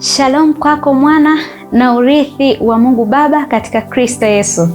Shalom kwako mwana na urithi wa Mungu Baba katika Kristo Yesu.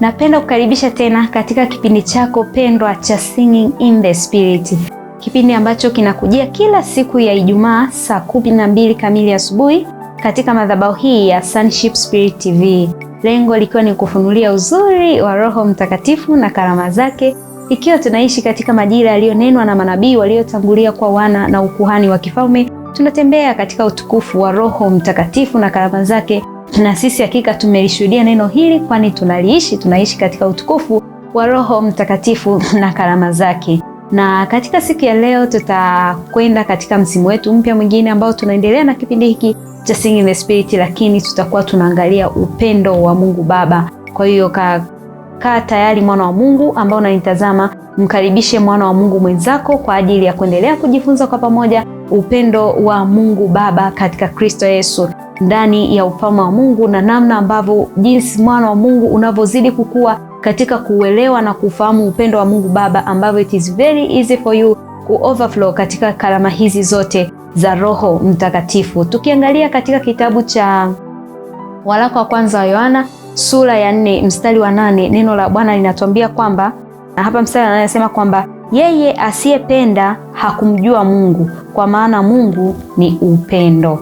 Napenda kukaribisha tena katika kipindi chako pendwa cha Singing in the Spirit, kipindi ambacho kinakujia kila siku ya Ijumaa saa kumi na mbili kamili asubuhi katika madhabahu hii ya Sonship Spirit TV, lengo likiwa ni kufunulia uzuri wa Roho Mtakatifu na karama zake, ikiwa tunaishi katika majira yaliyonenwa na manabii waliotangulia kwa wana na ukuhani wa kifalme tunatembea katika utukufu wa Roho Mtakatifu na karama zake, na sisi hakika tumelishuhudia neno hili, kwani tunaliishi. Tunaishi katika utukufu wa Roho Mtakatifu na karama zake. Na katika siku ya leo tutakwenda katika msimu wetu mpya mwingine ambao tunaendelea na kipindi hiki cha Sing in the Spirit, lakini tutakuwa tunaangalia upendo wa Mungu Baba. Kwa hiyo ka, kaa tayari mwana wa Mungu ambao unanitazama, mkaribishe mwana wa Mungu mwenzako kwa ajili ya kuendelea kujifunza kwa pamoja upendo wa Mungu Baba katika Kristo Yesu ndani ya ufalme wa Mungu na namna ambavyo jinsi mwana wa Mungu unavyozidi kukua katika kuuelewa na kufahamu upendo wa Mungu Baba, ambavyo it is very easy for you ku overflow katika karama hizi zote za Roho Mtakatifu. Tukiangalia katika kitabu cha waraka wa kwanza wa Yohana sura ya nne mstari wa nane neno la Bwana linatuambia kwamba na hapa mstari anasema kwamba yeye asiyependa hakumjua Mungu kwa maana Mungu ni upendo.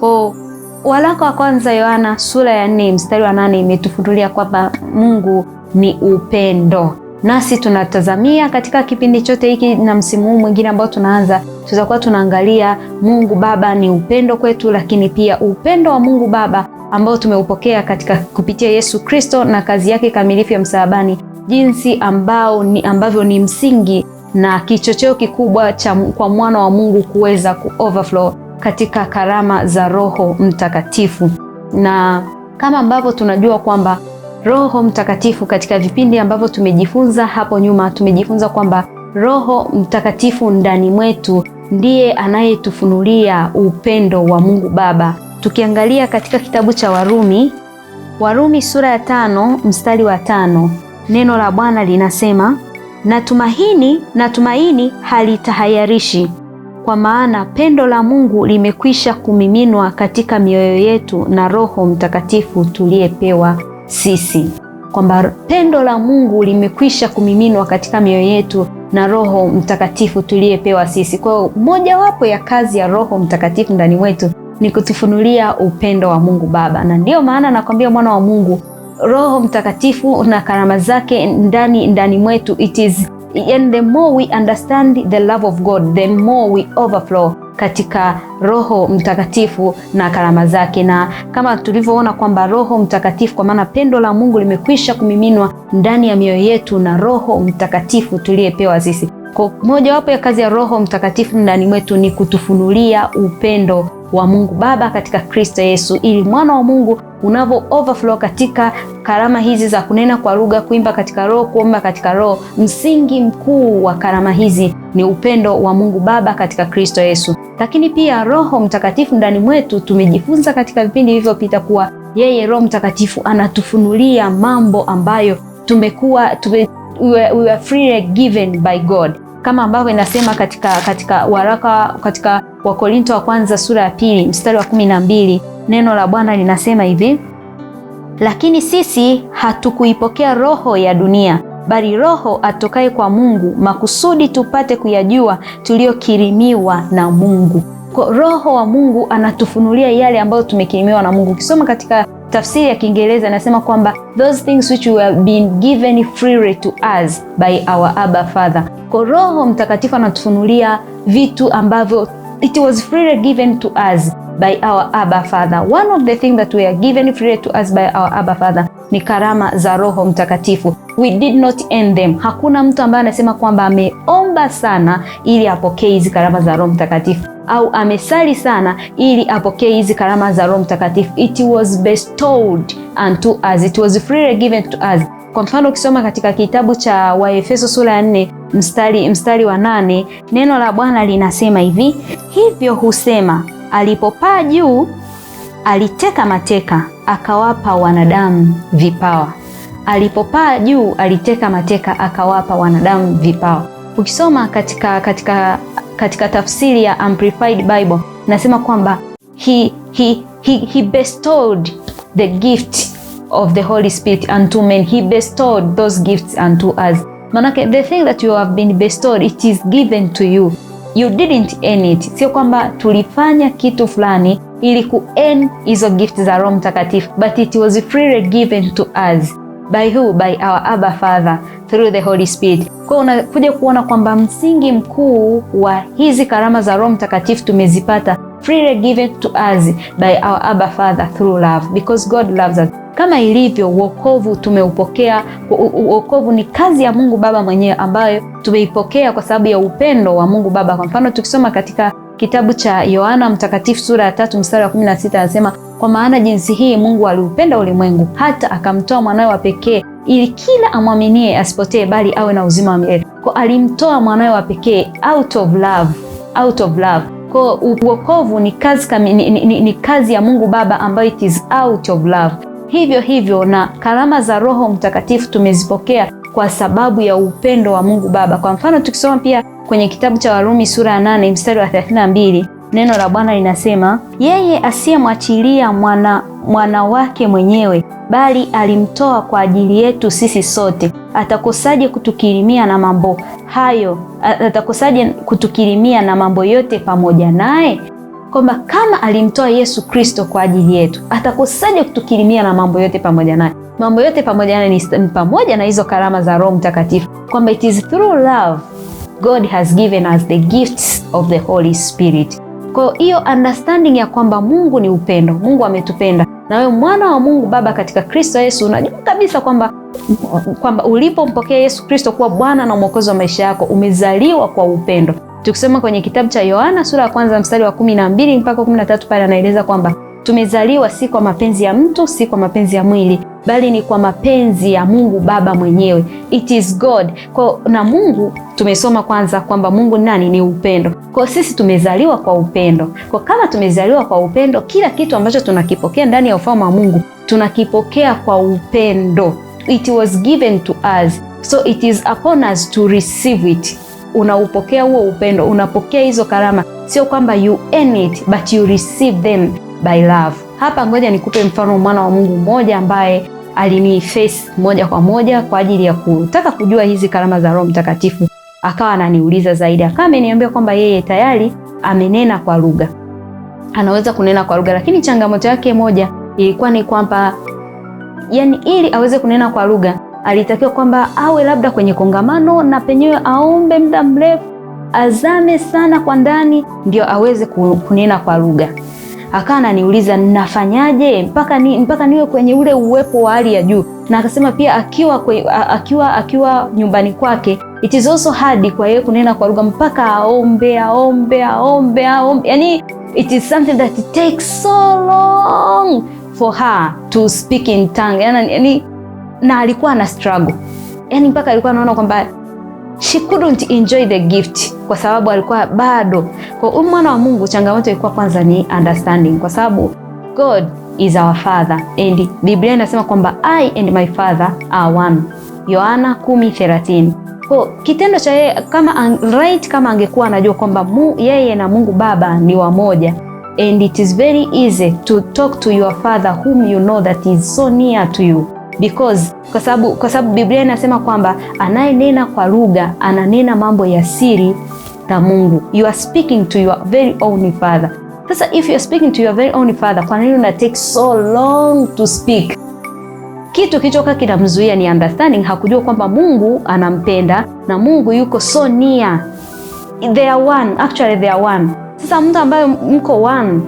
Ko waraka wa kwanza Yohana sura ya nne mstari wa nane imetufunulia kwamba Mungu ni upendo, nasi tunatazamia katika kipindi chote hiki na msimu huu mwingine ambao tunaanza, tutakuwa tunaangalia Mungu Baba ni upendo kwetu, lakini pia upendo wa Mungu Baba ambao tumeupokea katika kupitia Yesu Kristo na kazi yake kamilifu ya msalabani jinsi ambao ni ambavyo ni msingi na kichocheo kikubwa cha kwa mwana wa Mungu kuweza ku overflow katika karama za Roho Mtakatifu. Na kama ambavyo tunajua kwamba Roho Mtakatifu katika vipindi ambavyo tumejifunza hapo nyuma, tumejifunza kwamba Roho Mtakatifu ndani mwetu ndiye anayetufunulia upendo wa Mungu Baba. Tukiangalia katika kitabu cha Warumi, Warumi sura ya tano mstari wa tano Neno la Bwana linasema na tumaini na tumaini halitahayarishi, kwa maana pendo la Mungu limekwisha kumiminwa katika mioyo yetu na Roho Mtakatifu tuliyepewa sisi, kwamba pendo la Mungu limekwisha kumiminwa katika mioyo yetu na Roho Mtakatifu tuliyepewa sisi. Kwa hiyo mojawapo ya kazi ya Roho Mtakatifu ndani mwetu ni kutufunulia upendo wa Mungu Baba, na ndiyo maana nakwambia mwana wa Mungu Roho Mtakatifu na karama zake ndani ndani mwetu. It is and the more we understand the love of God the more we overflow katika Roho Mtakatifu na karama zake, na kama tulivyoona kwamba Roho Mtakatifu, kwa maana pendo la Mungu limekwisha kumiminwa ndani ya mioyo yetu na Roho Mtakatifu tuliyepewa sisi. Kwa mojawapo ya kazi ya Roho Mtakatifu ndani mwetu ni kutufunulia upendo wa Mungu Baba katika Kristo Yesu, ili mwana wa Mungu unavyo overflow katika karama hizi za kunena kwa lugha, kuimba katika roho, kuomba katika roho. Msingi mkuu wa karama hizi ni upendo wa Mungu Baba katika Kristo Yesu. Lakini pia Roho Mtakatifu ndani mwetu, tumejifunza katika vipindi vilivyopita kuwa yeye Roho Mtakatifu anatufunulia mambo ambayo tumekuwa tume, we are freely given by God kama ambavyo inasema katika, katika waraka katika Wakorinto wa kwanza sura ya pili mstari wa kumi na mbili neno la Bwana linasema hivi: lakini sisi hatukuipokea roho ya dunia, bali roho atokaye kwa Mungu, makusudi tupate kuyajua tuliyokirimiwa na Mungu. Kwa roho wa Mungu anatufunulia yale ambayo tumekirimiwa na Mungu. Ukisoma katika tafsiri ya Kiingereza inasema kwamba those things which were been given freely to us by our Abba Father ambako Roho Mtakatifu anatufunulia vitu ambavyo it was freely given to us by our Abba Father. One of the things that we are given freely to us by our Abba Father ni karama za Roho Mtakatifu. We did not earn them. Hakuna mtu ambaye anasema kwamba ameomba sana ili apokee hizi karama za Roho Mtakatifu au amesali sana ili apokee hizi karama za Roho Mtakatifu. It was bestowed unto us. It was freely given to us. Kwa mfano, ukisoma katika kitabu cha Waefeso sura ya 4 mstari, mstari wa nane neno la Bwana linasema hivi: hivyo husema alipopaa juu aliteka mateka akawapa wanadamu vipawa. Alipopaa juu aliteka mateka akawapa wanadamu vipawa. Ukisoma katika, katika, katika tafsiri ya Amplified Bible nasema kwamba he, he, he, he bestowed the gift of the Holy Spirit unto men, he bestowed those gifts unto us manake the thing that you have been bestowed, it is given to you, you didn't earn it. Sio kwamba tulifanya kitu fulani ili ku earn hizo gift za Roho Mtakatifu, but it was freely given to us by who? By our Abba Father through the Holy Spirit. Kwa unakuja kuona kwamba msingi mkuu wa hizi karama za Roho Mtakatifu tumezipata freely given to us by our Abba Father through love because God loves us. Kama ilivyo uokovu, tumeupokea uokovu ni kazi ya Mungu Baba mwenyewe ambayo tumeipokea kwa sababu ya upendo wa Mungu Baba. Kwa mfano tukisoma katika kitabu cha Yohana Mtakatifu sura ya tatu mstari wa 16 anasema, kwa maana jinsi hii Mungu aliupenda ulimwengu hata akamtoa mwanawe wa pekee ili kila amwaminie asipotee bali awe na uzima wa milele. Kwa alimtoa mwanawe wa pekee out of love, out of love. Kwa uokovu ni kazi, ni, ni, ni, ni kazi ya Mungu Baba ambayo it is out of love. Hivyo hivyo na karama za Roho Mtakatifu tumezipokea kwa sababu ya upendo wa Mungu Baba. Kwa mfano tukisoma pia kwenye kitabu cha Warumi sura ya 8 mstari wa 32, neno la Bwana linasema yeye asiyemwachilia mwana mwana wake mwenyewe bali alimtoa kwa ajili yetu sisi sote, atakosaje kutukirimia na mambo hayo? Atakosaje kutukirimia na mambo yote pamoja naye? kwamba kama alimtoa Yesu Kristo kwa ajili yetu, atakosaje kutukirimia na mambo yote pamoja naye? Mambo yote pamoja naye ni pamoja na hizo karama za Roho Mtakatifu, kwamba it is through love God has given us the gifts of the Holy Spirit. Kwa hiyo understanding ya kwamba Mungu ni upendo, Mungu ametupenda na wewe mwana wa Mungu Baba katika Kristo Yesu, unajua kabisa kwamba kwamba ulipompokea Yesu Kristo kuwa Bwana na Mwokozi wa maisha yako, umezaliwa kwa upendo. Tukisoma kwenye kitabu cha Yohana sura ya kwanza mstari wa kumi na mbili mpaka kumi na tatu pale anaeleza kwamba tumezaliwa si kwa mapenzi ya mtu, si kwa mapenzi ya mwili, bali ni kwa mapenzi ya Mungu Baba mwenyewe. It is God. Kwa na Mungu tumesoma kwanza kwamba Mungu nani? Ni upendo. Kwa sisi tumezaliwa kwa upendo. Kwa kama tumezaliwa kwa upendo, kila kitu ambacho tunakipokea ndani ya ufalme wa Mungu tunakipokea kwa upendo. It was given to us so it is upon us to receive it unaupokea huo upendo, unapokea hizo karama, sio kwamba you earn it but you receive them by love. Hapa ngoja nikupe mfano mwana wa Mungu mmoja ambaye aliniface moja kwa moja kwa ajili ya kutaka kujua hizi karama za Roho Mtakatifu, akawa ananiuliza zaidi, akawa ameniambia kwamba yeye tayari amenena kwa lugha, anaweza kunena kwa lugha, lakini changamoto yake moja ilikuwa ni kwamba yani, ili aweze kunena kwa lugha alitakiwa kwamba awe labda kwenye kongamano na penyewe aombe muda mrefu, azame sana kwa ndani, ndio aweze kunena kwa lugha. Akawa ananiuliza nafanyaje mpaka, ni, mpaka niwe kwenye ule uwepo wa hali ya juu, na akasema pia akiwa, kwe, akiwa, akiwa nyumbani kwake it is also hard kwa yeye kunena kwa lugha mpaka aombe aombe aombe aombe, yani it is something that takes so long for her to speak in tongue yani, yani na alikuwa na struggle, yaani mpaka alikuwa anaona kwamba she couldn't enjoy the gift kwa sababu alikuwa bado. Kwa huyu mwana wa Mungu changamoto ilikuwa kwanza ni understanding, kwa sababu God is our father and Biblia inasema kwamba I and my father are one, Yohana 10:13. Kwa kitendo cha yeye kama right, kama angekuwa anajua kwamba yeye na Mungu Baba ni wamoja and it is very easy to talk to your father whom you know that is so near to you because kwa sababu kwa sababu Biblia inasema kwamba anayenena kwa lugha ananena mambo ya siri na Mungu. You are speaking to your very own father. Sasa if you are speaking to your very own father, kwa nini una take so long to speak? Kitu kilichokaa kinamzuia ni understanding, hakujua kwamba Mungu anampenda na Mungu yuko so near. They are one, actually they are one. Sasa mtu ambaye mko one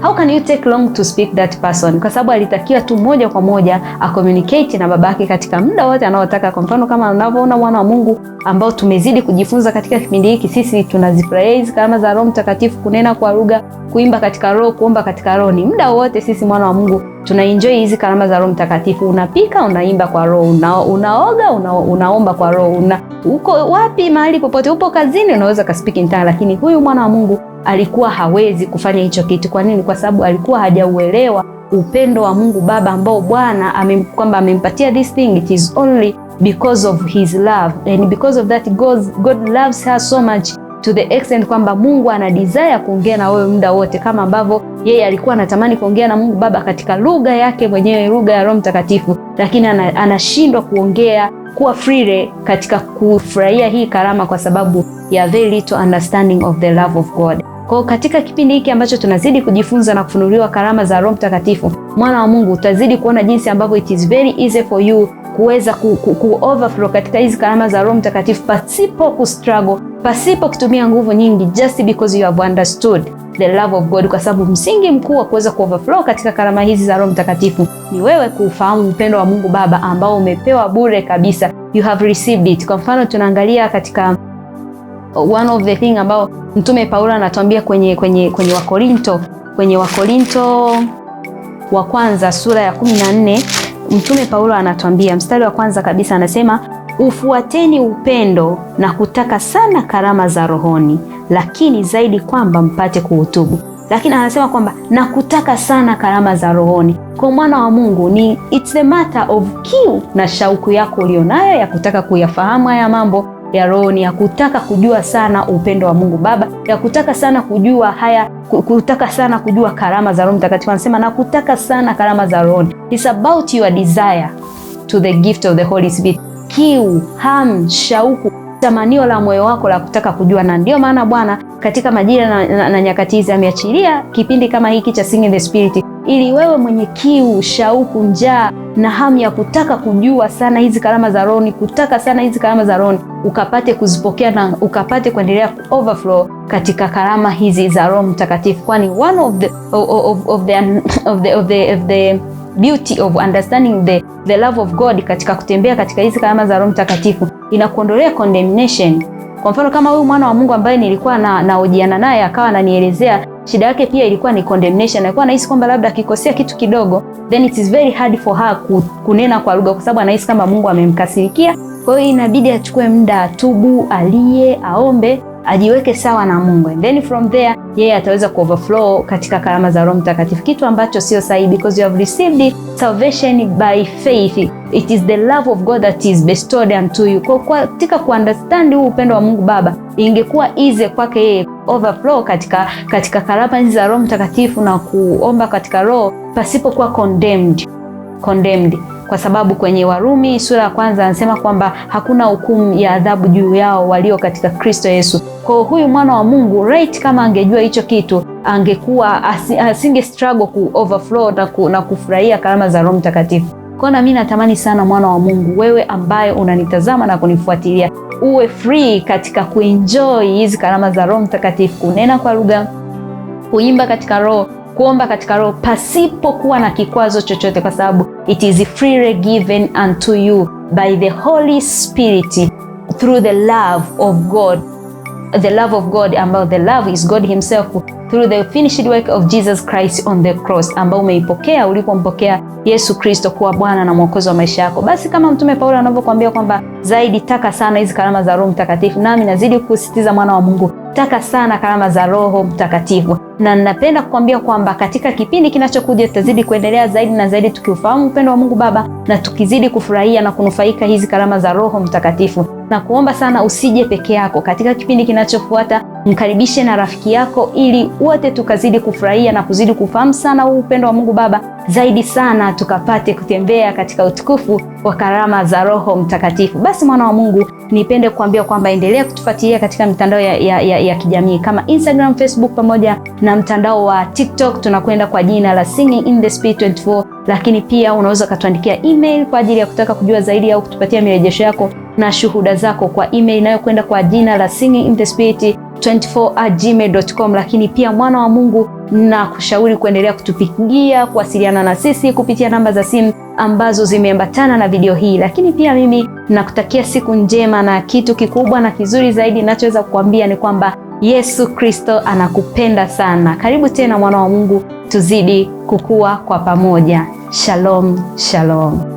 how can you take long to speak that person, kwa sababu alitakiwa tu moja kwa moja communicate na babake katika muda wote anaotaka. Kwa mfano kama unavyoona mwana wa Mungu ambao tumezidi kujifunza katika kipindi hiki, sisi tunazifurahia hizi karama za Roho Mtakatifu, kunena kwa lugha, kuimba katika roho, kuomba katika roho, ni muda wote sisi mwana wa Mungu enjoy hizi karama za Roho Mtakatifu. Unapika, unaimba kwa roho, una, unaoga, una, unaomba kwa roho, una uko wapi, mahali popote, upo kazini, unaweza speak in tongues, lakini huyu mwana wa Mungu alikuwa hawezi kufanya hicho kitu. Kwa nini? Kwa sababu alikuwa hajauelewa upendo wa Mungu Baba ambao Bwana amem, kwamba amempatia this thing it is only because of his love and because of that God, God loves her so much to the extent kwamba Mungu ana desire kuongea na wewe muda wote, kama ambavyo yeye alikuwa anatamani kuongea na Mungu Baba katika lugha yake mwenyewe, lugha ya Roho Mtakatifu, lakini anashindwa kuongea kuwa free katika kufurahia hii karama kwa sababu ya very little understanding of the love of God. Kwa katika kipindi hiki ambacho tunazidi kujifunza na kufunuliwa karama za Roho Mtakatifu, mwana wa Mungu, utazidi kuona jinsi ambavyo it is very easy for you kuweza ku, ku, ku overflow katika hizi karama za Roho Mtakatifu pasipo kustruggle, pasipo kutumia nguvu nyingi, just because you have understood the love of God, kwa sababu msingi mkuu wa kuweza kuoverflow katika karama hizi za Roho Mtakatifu ni wewe kuufahamu upendo wa Mungu Baba ambao umepewa bure kabisa. You have received it. Kwa mfano tunaangalia katika one of the thing ambao Mtume Paulo anatuambia kwenye, kwenye, kwenye Wakorinto kwenye Wakorinto wa kwanza sura ya 14 Mtume Paulo anatuambia mstari wa kwanza kabisa anasema, ufuateni upendo na kutaka sana karama za rohoni, lakini zaidi kwamba mpate kuhutubu. Lakini anasema kwamba na kutaka sana karama za rohoni. Kwa mwana wa Mungu ni it's a matter of kiu na shauku yako ulionayo ya kutaka kuyafahamu haya mambo ya Roho ni ya kutaka kujua sana upendo wa Mungu Baba, ya kutaka sana kujua haya, kutaka sana kujua karama za Roho Mtakatifu. Anasema na kutaka sana karama za Roho. It's about your desire to the gift of the Holy Spirit, kiu, ham shauku tamanio la moyo wako la kutaka kujua. Na ndio maana Bwana katika majira na, na, na nyakati hizi ameachilia kipindi kama hiki cha Singing in the Spirit, ili wewe mwenye kiu, shauku, njaa na hamu ya kutaka kujua sana hizi karama za roho, kutaka sana hizi karama za roho, ukapate kuzipokea na ukapate kuendelea overflow katika karama hizi za Roho Mtakatifu, kwani one of the of, of the of the of the, of the beauty of understanding the, the love of God katika kutembea katika hizi karama za Roho Mtakatifu inakuondolea condemnation. Kwa mfano kama huyu mwana wa Mungu ambaye nilikuwa na naojiana naye akawa ananielezea shida yake, pia ilikuwa ni condemnation. Alikuwa anahisi kwamba labda akikosea kitu kidogo, then it is very hard for her kunena kwa lugha, kwa sababu anahisi kama Mungu amemkasirikia. Kwa hiyo inabidi achukue muda atubu, alie, aombe ajiweke sawa na Mungu, and then from there yeye ataweza overflow katika karama za Roho Mtakatifu, kitu ambacho sio sahihi, because you have received salvation by faith it is the love of God that is bestowed unto you. Kwa katika understand huu upendo wa Mungu Baba, ingekuwa easy kwake yeye overflow katika katika karama hizi za Roho Mtakatifu na kuomba katika roho pasipokuwa condemned condemned kwa sababu kwenye Warumi sura ya kwanza anasema kwamba hakuna hukumu ya adhabu juu yao walio katika Kristo Yesu. Kwa huyu mwana wa Mungu right, kama angejua hicho kitu angekuwa asinge struggle ku overflow na, ku, na kufurahia karama za Roho Mtakatifu. Kwa na mimi natamani sana mwana wa Mungu, wewe ambaye unanitazama na kunifuatilia, uwe free katika kuenjoy hizi karama za Roho Mtakatifu, kunena kwa lugha, kuimba katika roho kuomba katika Roho pasipokuwa na kikwazo chochote, kwa sababu it is freely given unto you by the Holy Spirit through the love of God, the love of God, ambao the love is God himself through the finished work of Jesus Christ on the cross, ambao umeipokea ulipompokea Yesu Kristo kuwa Bwana na Mwokozi wa maisha yako. Basi kama Mtume Paulo anavyokuambia kwamba zaidi taka sana hizi karama za Roho Mtakatifu, nami nazidi kusisitiza mwana wa Mungu, taka sana karama za Roho Mtakatifu na ninapenda kukwambia kwamba katika kipindi kinachokuja tutazidi kuendelea zaidi na zaidi, tukiufahamu upendo wa Mungu Baba na tukizidi kufurahia na kunufaika hizi karama za Roho Mtakatifu. Na kuomba sana usije peke yako katika kipindi kinachofuata, mkaribishe na rafiki yako, ili wote tukazidi kufurahia na kuzidi kufahamu sana huu upendo wa Mungu Baba zaidi sana, tukapate kutembea katika utukufu wa karama za Roho Mtakatifu. Basi mwana wa Mungu, nipende kuambia kwamba endelea kutufuatilia katika mitandao ya, ya, ya, ya kijamii kama Instagram, Facebook pamoja na mtandao wa TikTok tunakwenda kwa jina la Singing in the Spirit 24, lakini pia unaweza ukatuandikia email kwa ajili ya kutaka kujua zaidi au kutupatia mirejesho yako na shuhuda zako kwa email inayokwenda kwa jina la Singing in the Spirit 24@gmail.com. Lakini pia mwana wa Mungu na kushauri kuendelea kutupigia, kuwasiliana na sisi kupitia namba za simu ambazo zimeambatana na video hii. Lakini pia mimi nakutakia siku njema, na kitu kikubwa na kizuri zaidi ninachoweza kukuambia ni kwamba Yesu Kristo anakupenda sana. Karibu tena mwana wa Mungu, tuzidi kukua kwa pamoja. Shalom, shalom.